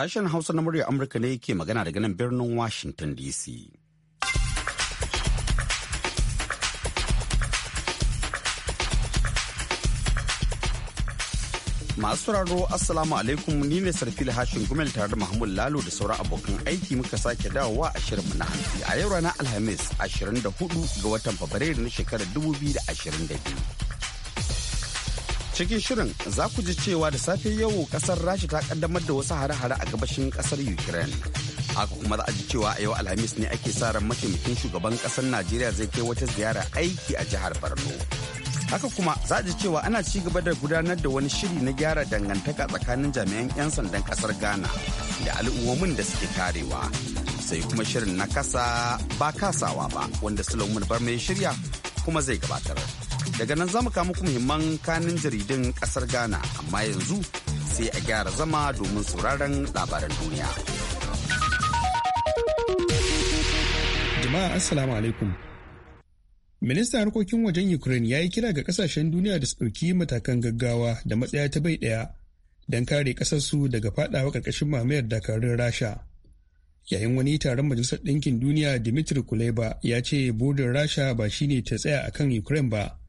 Sashen Hausa na murya Amurka ne ke magana daga nan birnin Washington DC. Masu raro Assalamu alaikum ni ne Sarfil Hashin Gumel tare da Mahmud Lalo da sauran abokan aiki muka sake dawowa a shirinmu na hantsi a yau rana Alhamis 24 ga watan Fabrairu na shekarar 2022. Cikin shirin za ku ji cewa da safe yau kasar Rasha ta kaddamar da wasu hare-hare a gabashin kasar Ukraine. Haka kuma za a ji cewa a yau Alhamis ne ake sa ran mataimakin shugaban kasar Najeriya zai kai wata ziyara aiki a jihar Borno. Haka kuma za a ji cewa ana ci gaba da gudanar da wani shiri na gyara dangantaka tsakanin jami'an 'yan sandan kasar Ghana da al'ummomin da suke karewa. Sai kuma shirin na kasa ba kasawa ba wanda Sulaiman Barma ya shirya kuma zai gabatar. Daga nan za mu kawo muku muhimman kanin jaridun kasar Ghana amma yanzu sai a gyara zama domin sauraron labaran duniya. Jama'a Assalamu alaikum. minista harkokin wajen Ukraine ya yi kira ga kasashen duniya da su ɗauki matakan gaggawa da matsaya ta bai ɗaya don kare ƙasarsu daga fadawa ƙarƙashin mamayar dakarun Rasha. Yayin wani taron Majalisar Ɗinkin Duniya Dimitri Kuleba ya ce bodin Rasha ba shine ta tsaya akan Ukraine ba,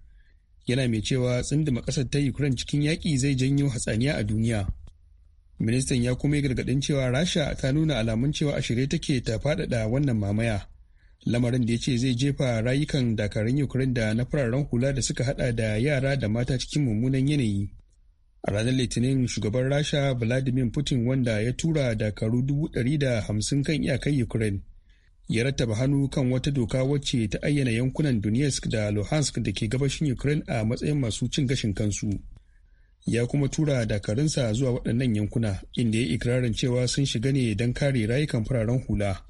yana mai cewa tsindima ƙasar ta ukraine cikin yaƙi zai janyo hatsaniya a duniya ministan ya kuma yi gargaɗin cewa rasha ta nuna alamun cewa a shirye take ta faɗaɗa wannan mamaya lamarin da ya ce zai jefa rayukan dakarun ukraine da na fararen hula da suka hada da yara da mata cikin mummunan yanayi a ranar litinin shugaban rasha vladimir putin wanda ya tura dakaru dubu ɗari da hamsin kan iyakan ukraine ya rattaba hannu kan wata doka wacce ta ayyana yankunan Donetsk da Luhansk da ke gabashin Ukraine a matsayin masu cin gashin kansu. Ya kuma tura dakarunsa zuwa waɗannan yankuna inda ya ikirarin cewa sun shiga ne don kare rayukan fararen hula.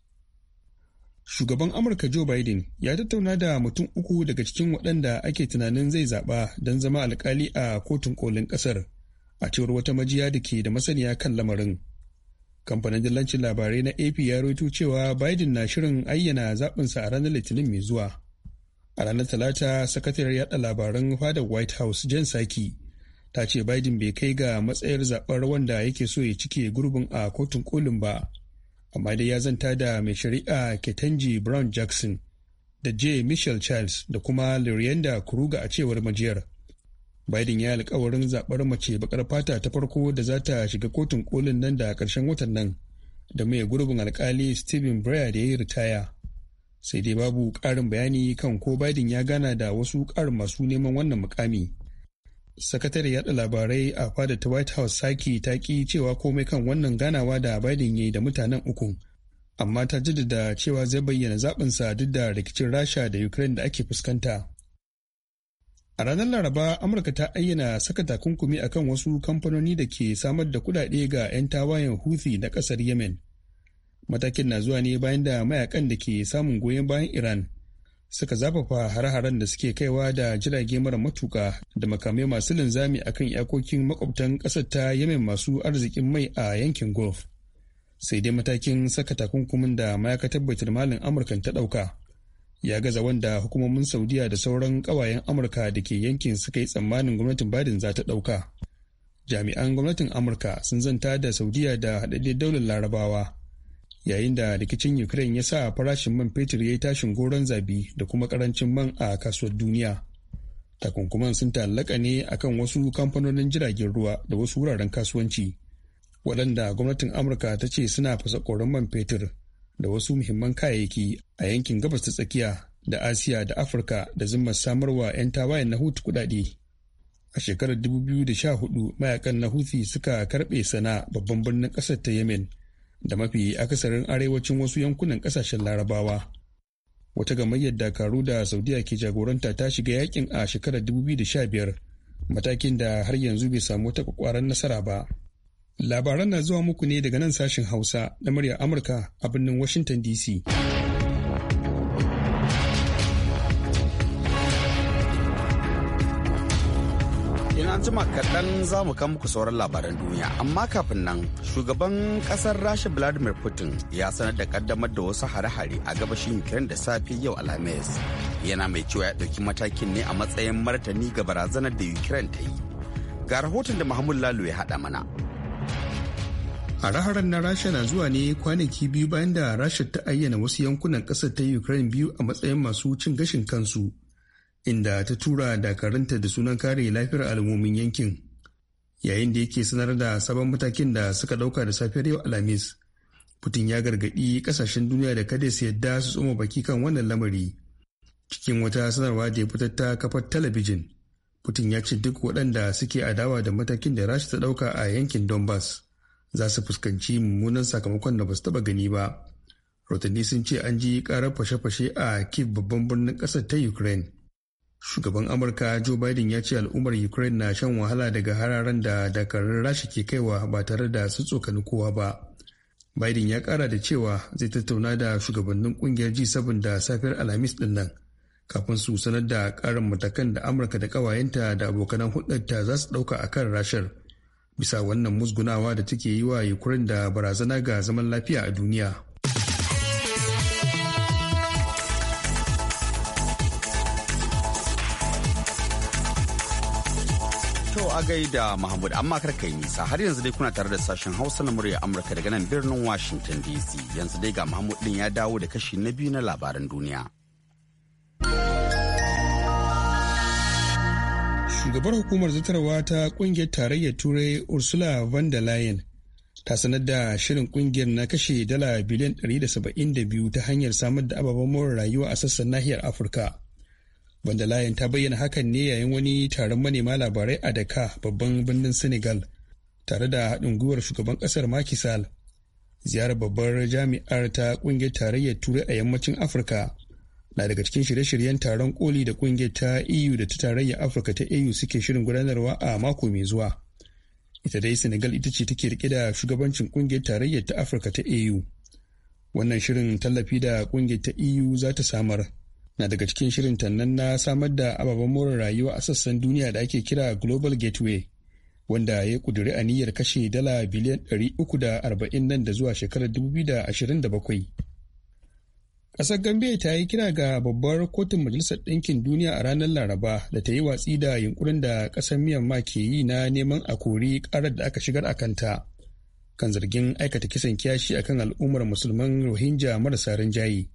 Shugaban Amurka Joe Biden ya tattauna da mutum uku daga cikin waɗanda ake tunanin zai zaɓa don zama alkali a kotun kolin ƙasar a cewar wata majiya da ke da masaniya kan lamarin. kamfanin dillancin labarai na ap ya rawaito cewa biden na shirin ayyana zaɓinsa a ranar litinin mai zuwa a ranar talata sakatariyar yada labaran fadar white house jen saki ta ce biden bai kai ga matsayar zaɓar wanda yake so ya cike gurbin a kotun kolin ba amma dai ya zanta da mai shari'a ketanji brown jackson da j michelle charles da kuma lurienda kruger a cewar majiyar Biden ya alkawarin zaɓar mace bakar fata ta farko da za ta shiga kotun kolin nan da ƙarshen watan nan da mai gurbin alkali Stephen Breyer da ya yi ritaya. Sai dai babu ƙarin bayani kan ko Biden ya gana da wasu ƙarin masu neman wannan mukami. Sakatare yaɗa labarai a fadar ta White House Saki ta ƙi cewa komai kan wannan ganawa da Biden ya yi da mutanen uku Amma ta jaddada cewa zai bayyana zaɓinsa duk da rikicin Rasha da Ukraine da ake fuskanta. A ranar Laraba, Amurka ta ayyana saka takunkumi akan wasu kamfanoni da ke samar da kudade ga 'yan tawayen Houthi na kasar Yemen. Matakin na zuwa ne bayan da mayakan da ke samun goyon bayan Iran suka zafafa hare-haren da suke kaiwa da jirage mara matuka da makamai masu linzami akan iyakokin makwabtan ƙasar ta Yemen masu arzikin mai a yankin Gulf. Sai dai matakin saka takunkumin da ma'aikatar tabbatar Malin Amurkan ta ɗauka. ya gaza wanda hukumomin saudiya da sauran kawayen amurka da ke yankin suka yi tsammanin gwamnatin badin za ta ɗauka jami'an gwamnatin amurka sun zanta da saudiya da haɗaɗɗen daular larabawa yayin da rikicin ukraine ya sa farashin man fetur ya yi tashin goron zabi da kuma karancin man a kasuwar duniya takunkuman sun ta'allaka ne akan wasu kamfanonin jiragen ruwa da wasu wuraren kasuwanci waɗanda gwamnatin amurka ta ce suna fasa koron man fetur da wasu muhimman kayayyaki a yankin gabas ta tsakiya da asiya da afirka da zimmar samarwa 'yan tawayen na hutu kudade a shekarar 2014 mayakan na huthi suka karbe sana babban birnin kasar ta yemen da mafi akasarin arewacin wasu yankunan kasashen larabawa wata gamayyar dakaru da saudiya ke jagoranta ta shiga yakin a shekarar 2015 matakin da har yanzu bai samu wata kwakwaran nasara ba Labaran na zuwa muku ne daga nan sashen Hausa na muryar Amurka a birnin Washington DC. Ina jima kaɗan za mu kan muku sauran labaran duniya, amma kafin nan shugaban ƙasar Rasha Vladimir Putin ya sanar da ƙaddamar da wasu hare-hare a gabashin Ukraine da safe yau Alhamis. Yana mai cewa ya ɗauki matakin ne a matsayin martani ga barazanar da Ukraine ta yi. Ga rahoton da Muhammadu Lalo ya haɗa mana. a raharar na rasha na zuwa ne kwanaki biyu bayan da rasha ta ayyana wasu yankunan ƙasar ta ukraine biyu a matsayin masu cin gashin kansu inda ta tura dakaranta da sunan kare lafiyar al'ummomin yankin yayin da yake sanar da sabon matakin da suka dauka da safiyar yau alhamis putin ya gargaɗi ƙasashen duniya da kada su yadda su tsoma baki kan wannan lamari cikin wata sanarwa da ya fitar ta kafar talabijin putin ya ce duk waɗanda suke adawa da matakin da rasha ta ɗauka a yankin donbass za su fuskanci mummunan sakamakon da ba su taba gani ba rotanni sun ce an ji karar fashe-fashe a kif babban birnin ƙasar ta ukraine shugaban amurka joe biden ya ce al'ummar ukraine na shan wahala daga hararen da dakarun rasha ke kaiwa ba tare da su tsokani kowa ba biden ya kara da cewa zai tattauna da shugabannin kungiyar g7 da safiyar alhamis din nan kafin su sanar da karin matakan da amurka da kawayenta da abokanan hulɗarta za su ɗauka a kan rashar bisa wannan musgunawa da take yi wa ukraine da barazana ga zaman lafiya a duniya To a gaida Mahmud amma karkai nisa har yanzu dai kuna tare da sashen Hausa na murya Amurka daga nan birnin Washington DC yanzu dai ga Mahmud din ya dawo da kashi na biyu na labaran duniya. shugabar hukumar zartarwa ta kungiyar tarayyar turai ursula von der leyen ta sanar da shirin kungiyar na kashe dala biliyan 172 ta hanyar samar da ababen more rayuwa a sassan nahiyar afirka von der leyen ta bayyana hakan ne yayin wani taron manema labarai a daka babban birnin senegal tare da haɗin gwiwar shugaban ƙasar makisal ziyarar babbar jami'ar ta kungiyar tarayyar turai a yammacin afirka na daga cikin shirye-shiryen taron koli da kungiyar ta eu da ta tarayya afirka ta eu suke shirin gudanarwa a mako mai zuwa ita dai senegal ita ce take rike da shugabancin kungiyar tarayyar ta afirka ta eu wannan shirin tallafi da kungiyar ta eu za ta samar na daga cikin shirin tannan na samar da ababen more rayuwa a sassan duniya da ake kira global gateway wanda ya kuduri aniyar kashe dala biliyan 340 nan da zuwa shekarar 2027 Ƙasar gambiya ta yi kira ga babbar kotun Majalisar Ɗinkin Duniya a ranar Laraba da ta yi watsi da yunkurin da ƙasar Myanmar ke yi na neman a kori ƙarar da aka shigar a kanta kan zargin aikata kisan kiyashi akan al'ummar musulman Rohingya marasa rinjaye.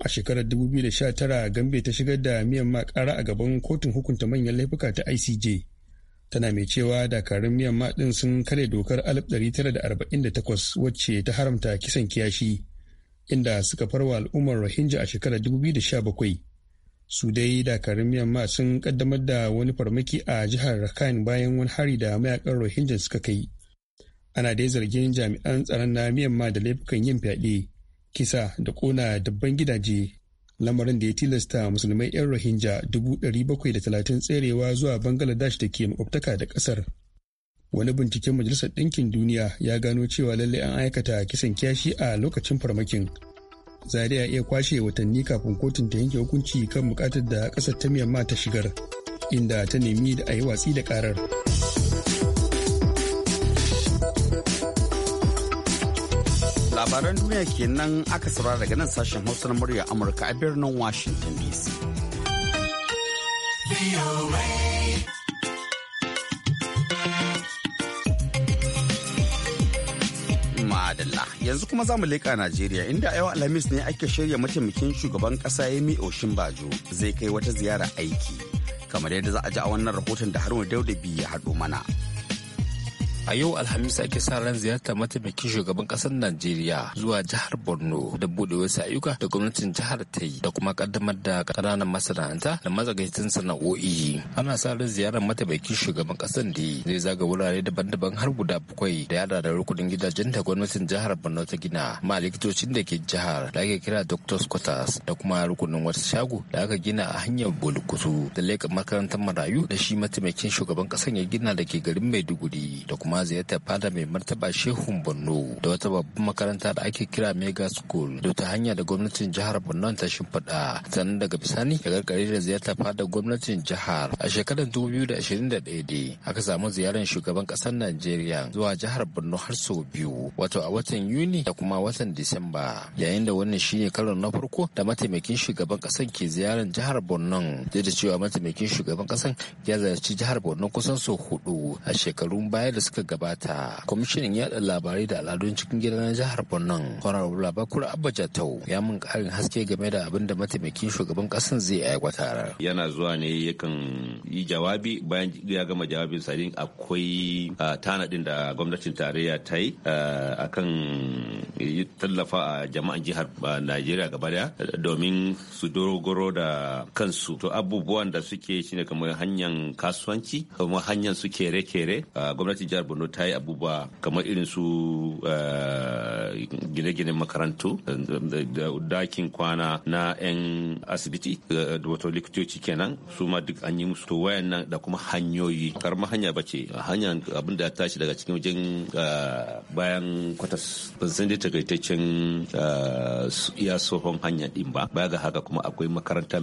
A shekarar 2019 gambe ta shigar da Myanmar ƙara a gaban kotun hukunta manyan laifuka ta ICJ. Tana mai cewa dakarun Myanmar ɗin sun kare dokar 1948 wacce ta haramta kisan kiyashi. inda suka farwa al'ummar rohingya a shekarar 2017 su dai dakarun myanmar sun kaddamar da wani farmaki a jihar rakhine bayan wani hari da mayakan rohingya suka kai ana dai zargin jami'an tsaron na myanmar da laifukan yin fyaɗe kisa da kona dabban gidaje lamarin da ya tilasta musulmai 'yan rohingya 730 tserewa zuwa bangladesh da ke makwabtaka da ƙasar. wani binciken majalisar ɗinkin duniya ya gano cewa lalle an aikata kisan kyashi a lokacin farmakin zaria iya kwashe watanni kafin kotun ta yanke hukunci kan bukatar da ƙasar ta miyamma ta shigar inda ta nemi da a yi watsi da karar labaran duniya kenan aka saurara daga nan sashen hausa na murya amurka a birnin washington dc yanzu kuma za mu leƙa najeriya inda yau alhamis ne ake shirya mataimakin shugaban ƙasa yemi bajo zai kai wata ziyara aiki kamar yadda za a ji a wannan rahoton da haruna daudabi ya haɗo mana a yau alhamis ake sa ran ziyartar mataimakin shugaban kasar najeriya zuwa jihar borno da buɗe wasu ayyuka da gwamnatin jihar ta yi da kuma kaddamar da ƙananan masana'anta da matsakaicin sana'o'i ana sa ran ziyarar mataimakin shugaban kasar da zai zaga wurare daban-daban har guda bakwai da yara da rukunin gidajen da gwamnatin jihar borno ta gina ma likitocin da ke jihar da ake kira Dr. Scottas da kuma rukunin wata shago da aka gina a hanyar bolukutu da leƙa makarantar marayu da shi mataimakin shugaban kasar ya gina da ke garin maiduguri da kuma kuma ziyartar fada mai martaba shehun borno da wata babban makaranta da ake kira mega school da ta hanya da gwamnatin jihar borno ta shimfiɗa sannan daga bisani ya karkare da ziyartar fada gwamnatin jihar a shekarar 2021 dai aka samu ziyarar shugaban ƙasar najeriya zuwa jihar borno har sau biyu wato a watan yuni da kuma watan disamba yayin da wannan shine karon na farko da mataimakin shugaban ƙasar ke ziyarar jihar borno da cewa mataimakin shugaban ƙasar ya ziyarci jihar borno kusan sau hudu a shekarun baya da suka suka gabata kwamishinan yada labarai da al'adun cikin gida na jihar borno honorable abakura abba jatau ya mun karin haske game da abin da mataimakin shugaban kasan zai aiwatar yana zuwa ne yakan yi jawabi bayan ya gama jawabin sadin akwai tanadin da gwamnatin tarayya ta yi akan tallafa a jama'an jihar najeriya gaba daya domin su dogoro da kansu to abubuwan da suke shine kamar hanyar kasuwanci kamar hanyar su kere-kere gwamnatin jihar borno ta yi abubuwa kamar irin su eh, gine-ginen makarantu da dakin kwana na 'yan asibiti da eh, wato likitoci kenan su ma duk an yi musu to wayan nan da kuma hanyoyi karma hanya ba ce hanya abin da tashi daga cikin wajen eh, bayan kwatas ban san dai takaitaccen iya sohon hanya din ba baya ga haka kuma akwai makaranta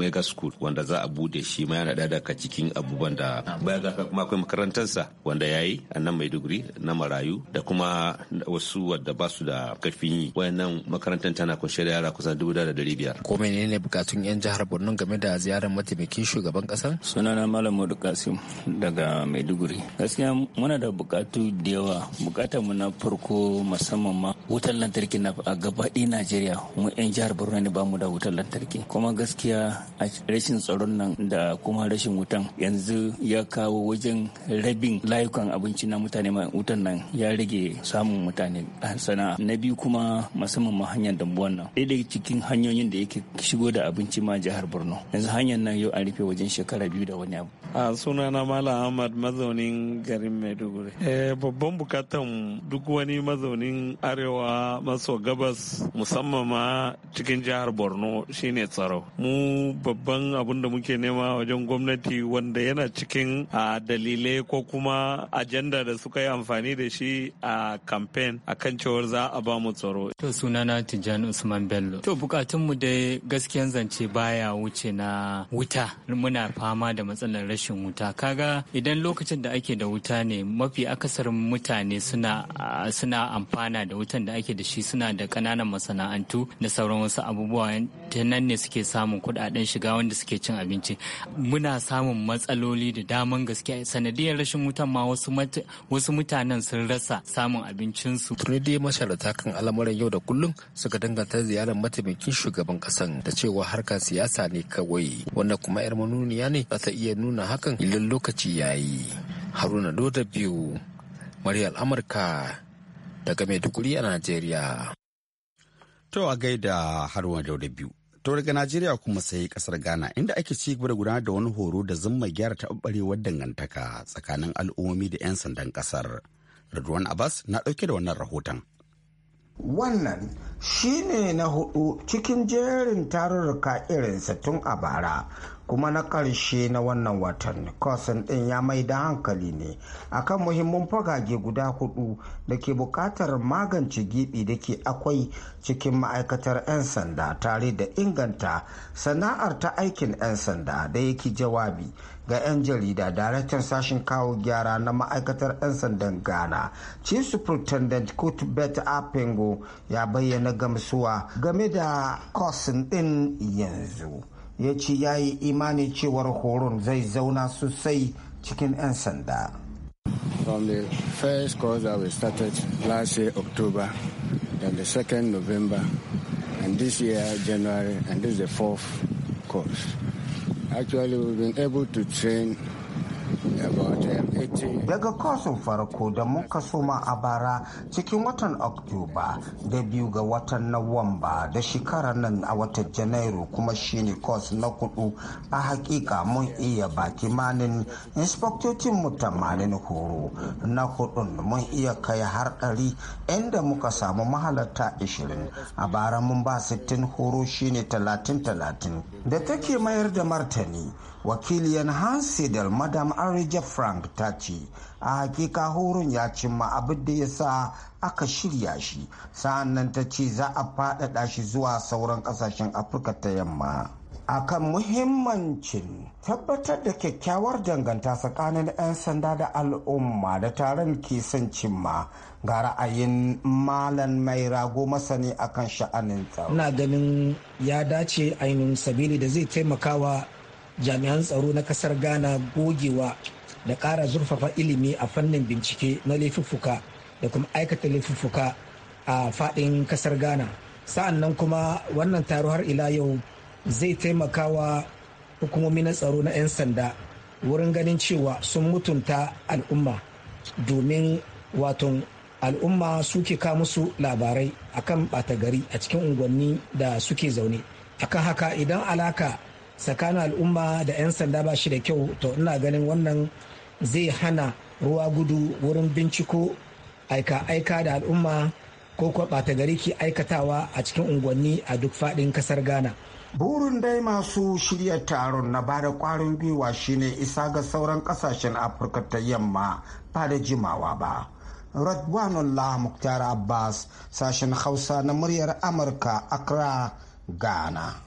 mega school wanda za a bude shi ma yana da cikin abubuwan da baya ga haka kuma akwai makarantarsa wanda ya yayi a nan maiduguri na marayu da kuma wasu wadda ba su da karfin yi wayannan makarantar tana kunshe da yara kusan dubu da dari biyar ko menene bukatun yan jihar borno game da ziyarar mataimakin shugaban kasar sunana malam modu kasim daga maiduguri gaskiya muna da bukatu da yawa bukatar mu na farko musamman ma wutar lantarki na a gabaɗi najeriya mu yan jihar borno ne ba mu da wutar lantarki kuma gaskiya a rashin tsaron nan da kuma rashin wutan yanzu ya kawo wajen rabin layukan abinci na mutane wutan nan ya rage samun mutane sana'a na biyu kuma musamman ma hanyar dambuwan nan ɗaya daga cikin hanyoyin da yake shigo da abinci ma jihar borno yanzu hanyar nan yau an rufe wajen shekara biyu da wani abu a sunana malam ahmad mazaunin garin maiduguri eh, babban bukatan duk wani mazaunin arewa maso gabas musamman ma cikin jihar borno shine tsaro mu babban abin da muke nema wajen gwamnati wanda yana cikin a ah, dalilai ko kuma a ajanda da suka yi amfani da shi a kamfen a kan cewar za a ba mu tsaro. To sunana Tijjani Usman Bello. To bukatunmu dai gaskiyan zance baya wuce na wuta muna fama da matsalar rashin wuta. Kaga idan lokacin da ake da wuta ne mafi akasarin mutane suna suna amfana da wutan da ake da shi suna da kananan masana'antu na sauran wasu abubuwa ta nan ne suke samun kuɗaɗen shiga wanda suke cin abinci. Muna samun matsaloli da daman gaskiya sanadiyar rashin wutan ma wasu wasu mutanen sun rasa samun abincinsu. Tuni dai masharata kan al'amuran yau da kullum suka danganta ziyarar mataimakin shugaban kasan da cewa harkar siyasa ne kawai wanda kuma yar manuniya ne za ta iya nuna hakan idan lokaci ya yi. Haruna Doda biyu, Maryal Amurka daga Maiduguri a Najeriya. To a gaida Haruna Doda biyu. To daga Najeriya kuma sai kasar Ghana inda ake ci gaba da gudanar da wani horo da zumma gyara taɓarɓarewar dangantaka tsakanin al'ummomi da 'yan sandan ƙasar Radwan Abbas na ɗauke da wannan rahoton Wannan shi ne na hudu cikin jerin tarurruka irinsa tun a bara kuma na ƙarshe na wannan watan kosin ɗin ya mai da hankali ne akan muhimmin fagage guda hudu da ke buƙatar magance gibi da ke akwai cikin ma'aikatar 'yan sanda tare da inganta sana'ar ta aikin 'yan sanda da yake jawabi ga 'yan jarida daraktan sashen kawo gyara na ma'aikatar 'yan sandan ghana chief superintendent cuthbert apengo ya bayyana gamsuwa game da kosin din yanzu ya ce ya yi imani cewar horon zai zauna sosai cikin 'yan sanda from the first course that we started last year october then the second november and this year january and this is the fourth course Actually, we've been able to train daga kosin farko da muka soma a bara cikin watan oktoba da biyu ga watan nawamba da shekarar nan a watan janairu kuma shine kos na kudu a hakika mun iya baki manin inspektocin mu tamanin horo na hudun mun iya kai har ɗari inda muka samu mahalarta 20 a bara mun ba 60 horo shine 30-30 da take mayar da martani wakiliyan hansidal madam arija frank ta ce a hakika horon ya cimma abin da ya sa aka shirya shi nan ta ce za a faɗaɗa shi zuwa sauran ƙasashen afirka ta yamma akan muhimmancin tabbatar da kyakkyawar danganta tsakanin 'yan sanda da al'umma da taron ke son cimma ga ra'ayin malam mai rago masani akan sha'anin tsaro. ina ganin ya dace ainihin sabili da zai taimakawa jami'an tsaro na kasar ghana gogewa da ƙara zurfafa ilimi a fannin bincike na laifuffuka da kuma aikata laifuffuka a faɗin kasar ghana sa'an nan kuma wannan taro har ila yau zai taimaka wa hukumomi na tsaro na 'yan sanda wurin ganin cewa sun mutunta al'umma domin waton al'umma suke ka musu labarai akan ɓata gari a cikin unguwanni da suke zaune akan haka idan alaka tsakanin al'umma da 'yan sanda ba shi da kyau to ina ganin wannan zai hana ruwa gudu wurin binciko aika-aika da al'umma ko kuwa gari ke aikatawa a cikin unguwanni a duk faɗin kasar ghana burin dai masu shirya taron na bada kwarin gwiwa shine isa ga sauran kasashen afirka ta yamma ba da jimawa ba radwanullah muktar abbas sashen hausa na muryar amurka accra ghana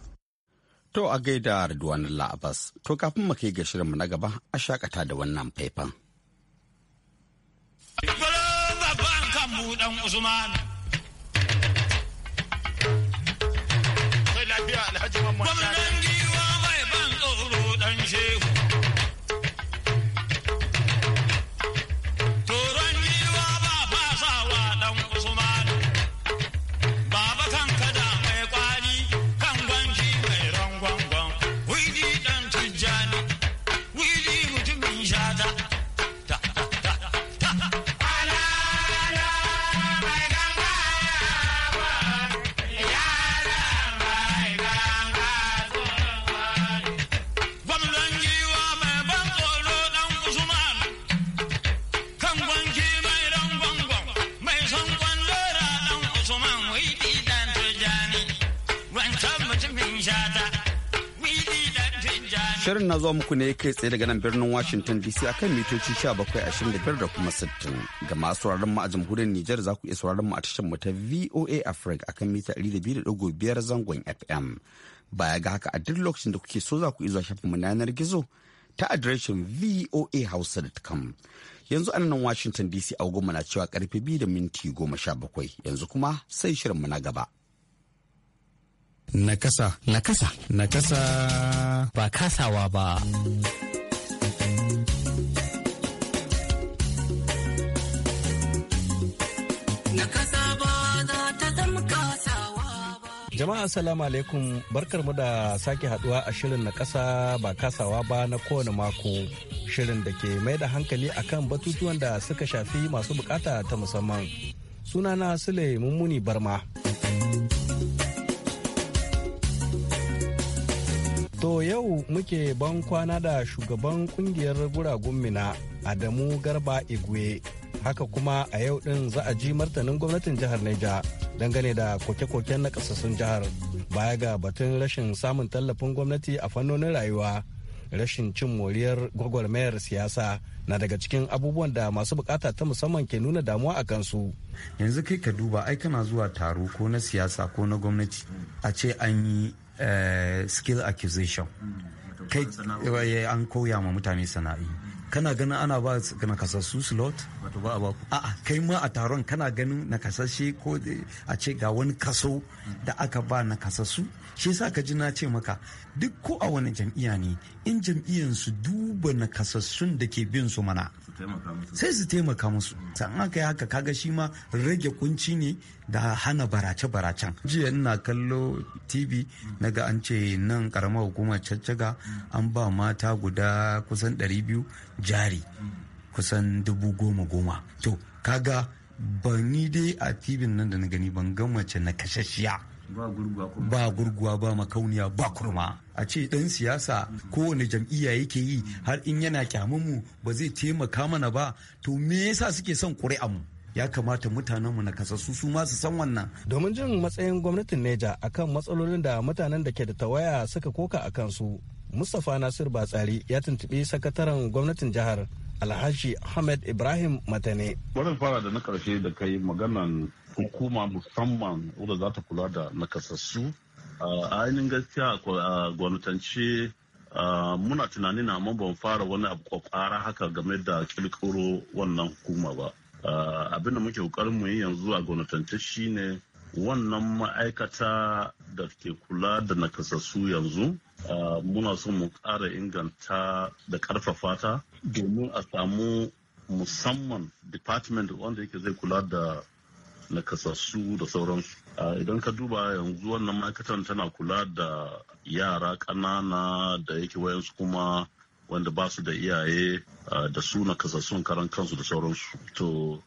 To a gaida Ridwan La'abas, to kafin mu kai ga shirinmu na gaba a shakata da wannan faifan. Usman. Gwamnan giwa mai ban tsoro dan shehu. Shirin na zuwa muku ne kai tsaye daga nan birnin Washington DC a kan mitoci 1725 da kuma 60. Ga masu sauraron mu a jamhuriyar Nijar za ku iya sauraron mu a tashar mu ta VOA Africa a kan mita 200.5 zangon FM. Baya ga haka a duk lokacin da kuke so za ku iya zuwa shafin mu na yanar gizo ta adireshin voahausa.com. Yanzu anan nan Washington DC a goma na cewa karfe 2 da minti 17 yanzu kuma sai shirin mu na gaba. Nakasa. Nakasa. Nakasa. Ba kasawa ba. Jama'a salamu alaikum mu da sake haduwa a shirin na kasa ba kasawa ba na kowane mako shirin da ke mai da hankali akan batutuwan da suka shafi masu bukata ta musamman. Sunana Sule Mummuni Barma. To yau muke ban kwana da shugaban kungiyar guragun mina Adamu Garba Igwe. Haka kuma a yau din za a ji martanin gwamnatin jihar Neja dangane da koke-koken na jihar. Baya ga batun rashin samun tallafin gwamnati a fannonin rayuwa. rashin cin moriyar gwagwarmayar siyasa na daga cikin abubuwan da masu bukata ta musamman ke nuna damuwa a kansu. Yanzu kai ka duba ai kana zuwa taro ko na siyasa ko na gwamnati a ce an yi Eh, skill acquisition kai eh, an koya ma mutane sana'i kana ganin ana ba na kasassu slot a kai ma a taron kana ganin na kasashe ko a ce ga wani kaso da aka ba na kasassu shi sa ka ji na ce maka duk ko a wani jam'iyya ne in jam'iyyan su duba na kasassun da ke bin su mana sai su taimaka musu san aka yi haka kaga shi ma rage kunci ne da hana barace-baracen jiya ina kallo tv naga ga an ce nan karamar hukumar caccaga an ba mata guda kusan 200 jari kusan dubu goma goma to kaga ba ni dai a tv nan da na gani ban gama mace na kashashiya ba gurguwa ba makauniya ba kurma a ce dan siyasa kowane jam'iyya yake yi har in yana kyamun mu ba zai taimaka mana ba to me yasa suke son ƙuri'an mu ya kamata mutanenmu na kasassu su ma su san wannan. Domin jin matsayin gwamnatin Neja akan matsalolin da mutanen da ke da tawaya suka koka a kansu, Mustapha Nasir Batsari ya tuntuɓi sakataren gwamnatin jihar Alhaji Ahmed Ibrahim Matane. Wannan fara da na karshe da kai maganan hukuma musamman wadda za ta kula da nakasassu a ainihin gaskiya a gwamnatance muna tunanin amma ban fara wani abu kwakwara haka game da kirkiro wannan hukuma ba abin da muke kokarin mu yi yanzu a gwamnatance shine wannan ma'aikata da ke kula da nakasassu yanzu muna son mu ƙara inganta da ƙarfafa ta domin a samu musamman department wanda yake zai kula da Na nakasassu da sauransu idan ka duba yanzu wannan ma'aikatan tana kula da yara ƙanana da yake wayansu kuma wanda ba su da iyaye da su na nakasassun karan kansu da sauransu to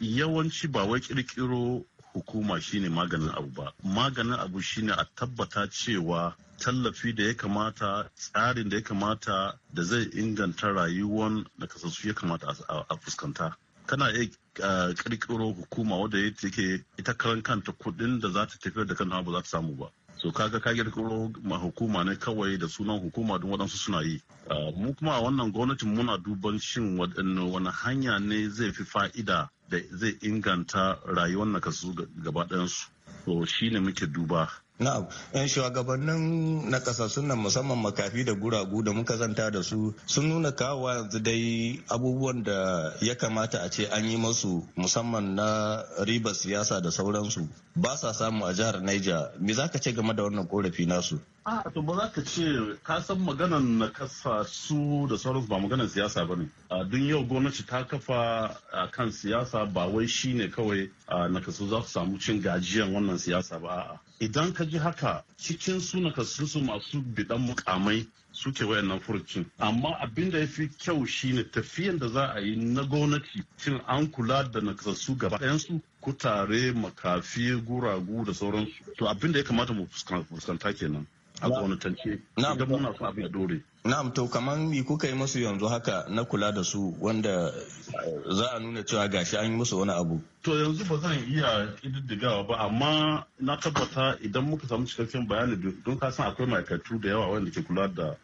yawanci ba wai kirkiro hukuma shine maganin abu ba maganin abu shine a tabbata cewa tallafi da ya kamata tsarin da ya kamata da zai inganta rayuwan nakasassu ya kamata a fuskanta tana iya kirkiro eh, hukuma wadda ya ke ita karan kanta kuɗin da za ta tafiyar da kanta ba za ta samu ba so kaga ka kirkiro ma hukuma ne kawai da sunan hukuma don waɗansu suna yi eh, mu kuma a wannan gwamnatin muna duban shin wani hanya ne zai fi fa'ida da zai inganta rayuwar nakasassu gaba ɗayansu to shine muke duba Na'am, yan shugabannin na kasassun nan musamman makafi da guragu da muka zanta da su sun nuna kawo yanzu dai abubuwan da ya kamata a ce an yi masu musamman na ribar siyasa da sauransu ba sa samu a jihar Niger. Me za ka ce game da wannan korafi nasu? A to ba za ka ce ka san maganan na kasasu da sauransu ba maganan siyasa ba ne. Dun yau gwamnati ta kafa kan siyasa ba wai shine kawai na kasu za su samu cin gajiyan wannan siyasa ba idan ka ji haka cikin su nakasassu masu bidan mukamai suke wayan wayannan furcin amma abin da ya fi kyau shine tafiyan da za a yi na gwamnati cin an kula da nakasassu gaba ɗayansu kutare makafi guragu da sauransu to abin da ya kamata mu fuskanta kenan a gwamnatance idan muna so abin dore na'am to kaman me kuka yi musu yanzu haka na kula da su wanda eh, za a nuna cewa gashi an yi musu wani abu to yanzu ba zan iya kididdigawa ba amma na tabbata idan muka samu cikakken bayani don ka san akwai ma'aikatu da yawa wanda ke kula da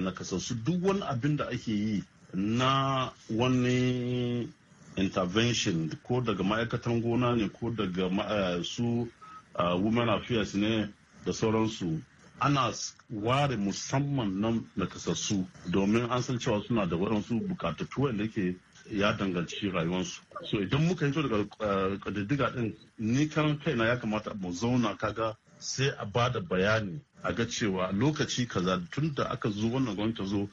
nakasassu duk wani abin da ake yi na wani intervention ko daga ma'aikatan gona ne ko daga eh, su eh, women affairs ne da sauransu ana ware musamman nan nakasassu domin an san cewa suna da waɗansu bukatattu wanda ke ya danganci rayuwarsu so idan muka yi daga kadiddiga eh, din ni karan kaina ya kamata mu zauna kaga sai a ba da bayani a ga cewa lokaci kaza tun da aka zo wannan gwamnati zo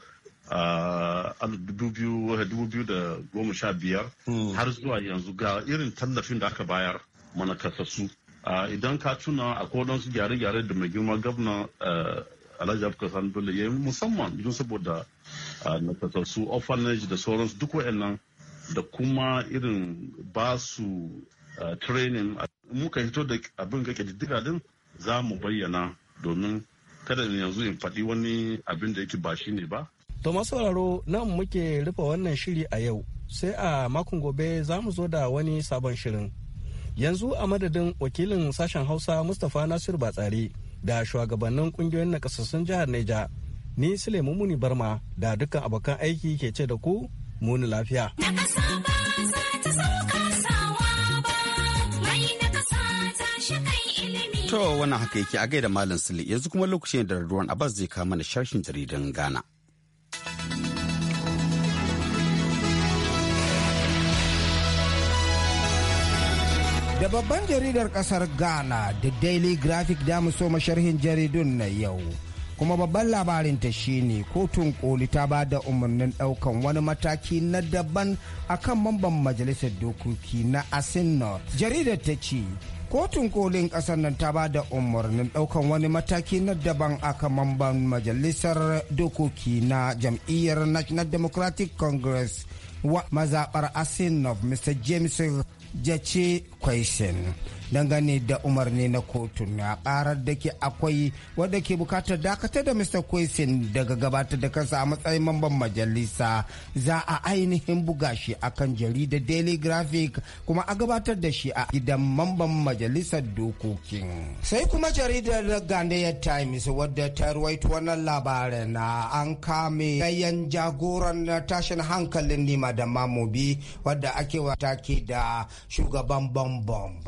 ah, a 2015 hmm. har zuwa yanzu ga irin tallafin da aka bayar mana kasassu idan ka tuna a su gyare-gyare da mai girma gabna alhaji abubakar sani ya yi musamman don saboda nakasassu orphanage da sauransu duk wa'annan da kuma irin ba su training muka hito da abin ga kididdiga din za mu bayyana domin kada yanzu in faɗi wani abin da yake ba shi ne ba To masu sauraro nan muke rufe wannan shiri a yau sai a makon gobe za mu zo da wani sabon shirin. yanzu a madadin wakilin sashen hausa mustapha nasiru batsari da shugabannin kungiyoyin nakasassun jihar neja ni sulaimu muni barma da dukkan abokan aiki ke ce da ku muni lafiya To wannan haka yake a gaida Malam Sule yanzu kuma lokacin da Radwan Abbas zai kama mana sharshin jaridan Ghana. Da babban jaridar kasar Ghana da Daily Graphic da so sharhin jaridun na yau. Kuma babban labarin ta shine kotun koli ta ba da umarnin daukan wani mataki na daban akan mamban majalisar dokoki na Asin Jaridar ta ce kotun kolin kasar nan ta ba da umarnin daukan wani mataki na daban aka mamban majalisar dokoki na jam'iyyar national democratic congress wa mazaɓar asinov mr james ya ce kwaishin dangane da umarni na kotun na karar da ke akwai wadda ke bukatar dakatar da mr kwaisin daga gabatar da kansa a matsayin mamban majalisa za a ainihin buga shi a akan jaridar daily graphic kuma a gabatar da shi a gidan mamban majalisar dokokin sai kuma jaridar ghanaian times wadda ta ruwaito wannan labarin na an kame yayan jagoran tashin hankalin nima da mamobi wadda ake wa da shugaban bambam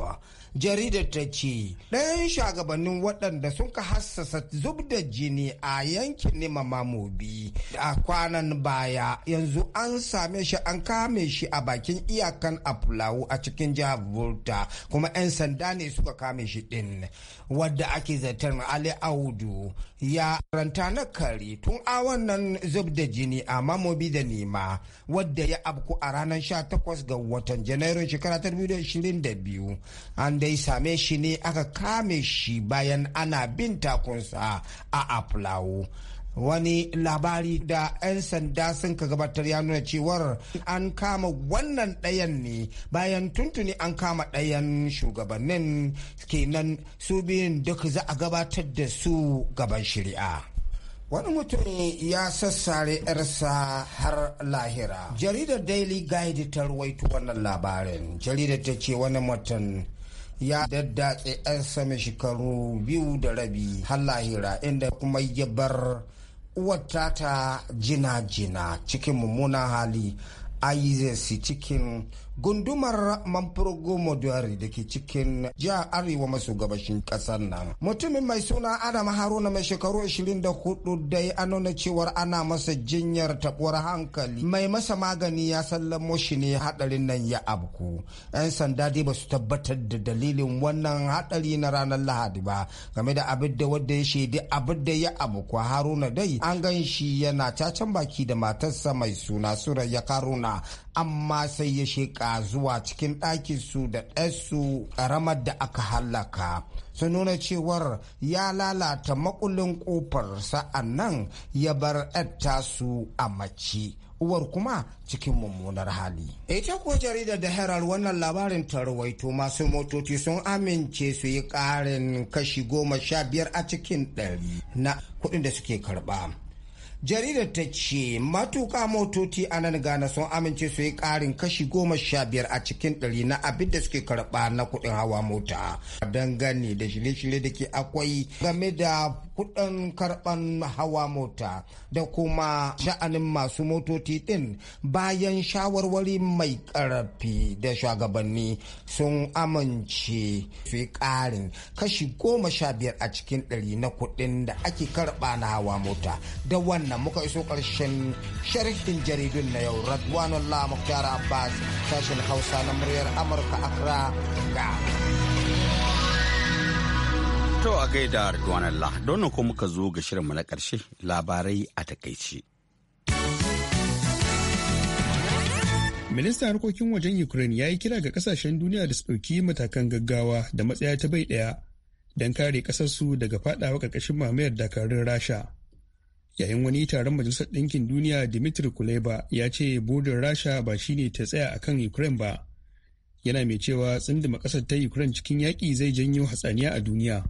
jaridar ta ce ɗayan shugabannin waɗanda sun ka hassasa zub da jini a yankin nema mamobi a kwanan baya yanzu an same shi an kame shi a bakin iyakan afulawu a cikin jihar volta kuma 'yan sanda ne suka kame shi ɗin wadda ake zaton Ali Audu ya ranta na kari tun a wannan zub da jini a mamobi da nema wadda ya abku a ranar 18 ga watan janairun shekara 2022 an dai same shi ne aka kame shi bayan ana bin takunsa a aflawo wani labari da 'yan sanda sun ka gabatar ya nuna cewar an kama wannan ɗayan ne bayan tuntuni an kama ɗayan shugabannin kenan su biyun duk za a gabatar da su gaban shari'a. wani mutum ya sassare yarsa har lahira jaridar daily guide ta ruwaito wannan labarin jaridar ta ce wani mutum ya daddatse yarsa mai shekaru biyu da rabi har lahira inda kuma ya bar uwata ta jina-jina cikin mummunan hali isis cikin gundumar Mamfurgo Moduari da ke cikin jihar Arewa maso gabashin kasar nan. Mutumin mai suna Adam Haruna mai shekaru 24 dai an nuna cewar ana masa jinyar tabuwar hankali. Mai masa magani ya sallamo shi ne hadarin nan ya abku. 'Yan sanda dai ba su tabbatar da dalilin wannan haɗari na ranar Lahadi ba game da abin da wadda ya shaidi abin da ya abku Haruna dai an gan shi yana cacan baki da matarsa mai suna Surayya Karuna amma sai ya sheƙa zuwa cikin ɗakinsu da ɗansu ƙaramar da aka hallaka su nuna cewar ya lalata makulin ƙofar sa'an nan ya bar su a mace uwar kuma cikin mummunar hali. Ita ko jaridar da herar wannan labarin ta rawaito masu motoci sun amince su yi ƙarin kashi goma sha biyar a cikin ɗari na kuɗin da suke karɓa. jaridar ta ce matuka motoci a nan gana sun amince su yi karin kashi goma sha biyar a cikin ɗari na abin da suke karɓa na kuɗin hawa mota dangane da shirye-shirye da ke akwai game da kuɗin karɓan hawa mota da kuma sha'anin masu motoci ɗin bayan shawarwari mai ƙarfi da shugabanni sun amince su karin kashi goma sha biyar a cikin ɗari na kuɗin da ake karɓa na hawa mota da wannan muka iso ƙarshen sharhin jaridun na yau radwanullah muktar abbas sashen hausa na muryar amurka accra ga To a gaida Ridwan Allah, don ko muka zo ga shirinmu na ƙarshe labarai a takaici. Ministan harkokin wajen Ukraine ya yi kira ga kasashen duniya da su ɗauki matakan gaggawa da matsaya ta bai ɗaya don kare ƙasarsu daga faɗawa ƙarƙashin mamayar dakarun Rasha. Yayin wani taron Majalisar Ɗinkin Duniya Dimitri Kuleba ya ce bodin Rasha ba shine ta tsaya akan Ukraine ba. Yana mai cewa tsindima ƙasar ta Ukraine cikin yaƙi zai janyo hatsaniya a duniya.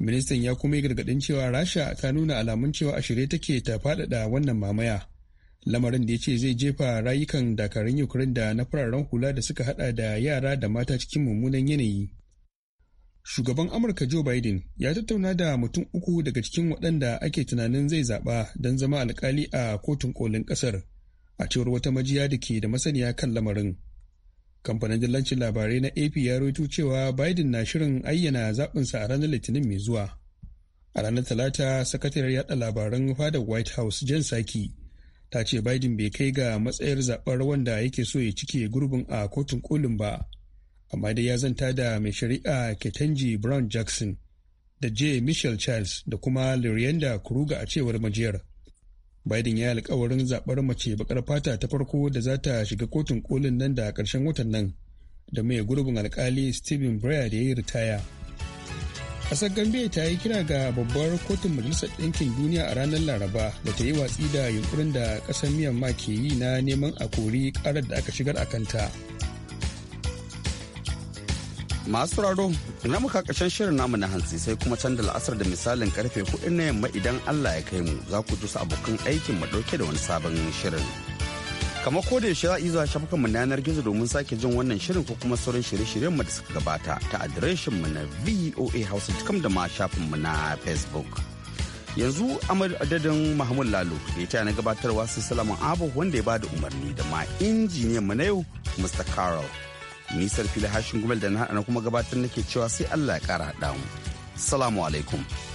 ministan ya kuma yi gargadin cewa rasha ta nuna alamun cewa a shirye take ta faɗaɗa wannan mamaya lamarin da ya ce zai jefa rayukan dakarun ukraine da na fararen hula da suka hada da yara da mata cikin mummunan yanayi shugaban amurka joe biden ya tattauna da mutum uku daga cikin waɗanda ake tunanin zai zaɓa don zama alkali a kotun kolin ƙasar a cewar wata majiya da ke da masaniya kan lamarin kamfanin dillancin labarai na ap ya rawaito cewa biden na shirin ayyana zaɓinsa a ranar litinin mai zuwa a ranar talata sakatariyar yada labaran fadar white house jan saki ta ce biden bai kai ga matsayar zaɓar wanda yake so ya cike gurbin a kotun kolin ba amma dai ya zanta da mai shari'a ketanji brown jackson da j michelle charles da kuma lurienda kruger a cewar majiyar Biden ya yi alkawarin zaɓar mace bakar fata ta farko da za ta shiga kotun kolin nan da ƙarshen watan nan da mai gurbin alkali Stephen Breyer da ya yi ritaya. Ƙasar Gambia ta yi kira ga babbar kotun Majalisar Ɗinkin Duniya a ranar Laraba da ta yi watsi da yunkurin da ƙasar Myanmar ke yi na neman a kori ƙarar da aka shigar a kanta. masu sauraro na muka ƙarshen shirin namu na hantsi sai kuma can da la'asar da misalin karfe hudu na yamma idan Allah ya kai mu za ku dusa abokan aikin mu dauke da wani sabon shirin. Kamar ko da yaushe za a iya zuwa mu na yanar gizo domin sake jin wannan shirin ko kuma sauran shirye-shiryen mu da suka gabata ta adireshin mu na cikam da ma shafin mu na Facebook. Yanzu adadin Mahmud Lalo da ya na gabatarwa sai Salaman Abu wanda ya bada umarni da ma injiniyan mu na yau Mr. Carol. ni sarfi da hashin gumel da na haɗa kuma gabatar nake cewa sai allah ya kara haɗa mu salamu alaikum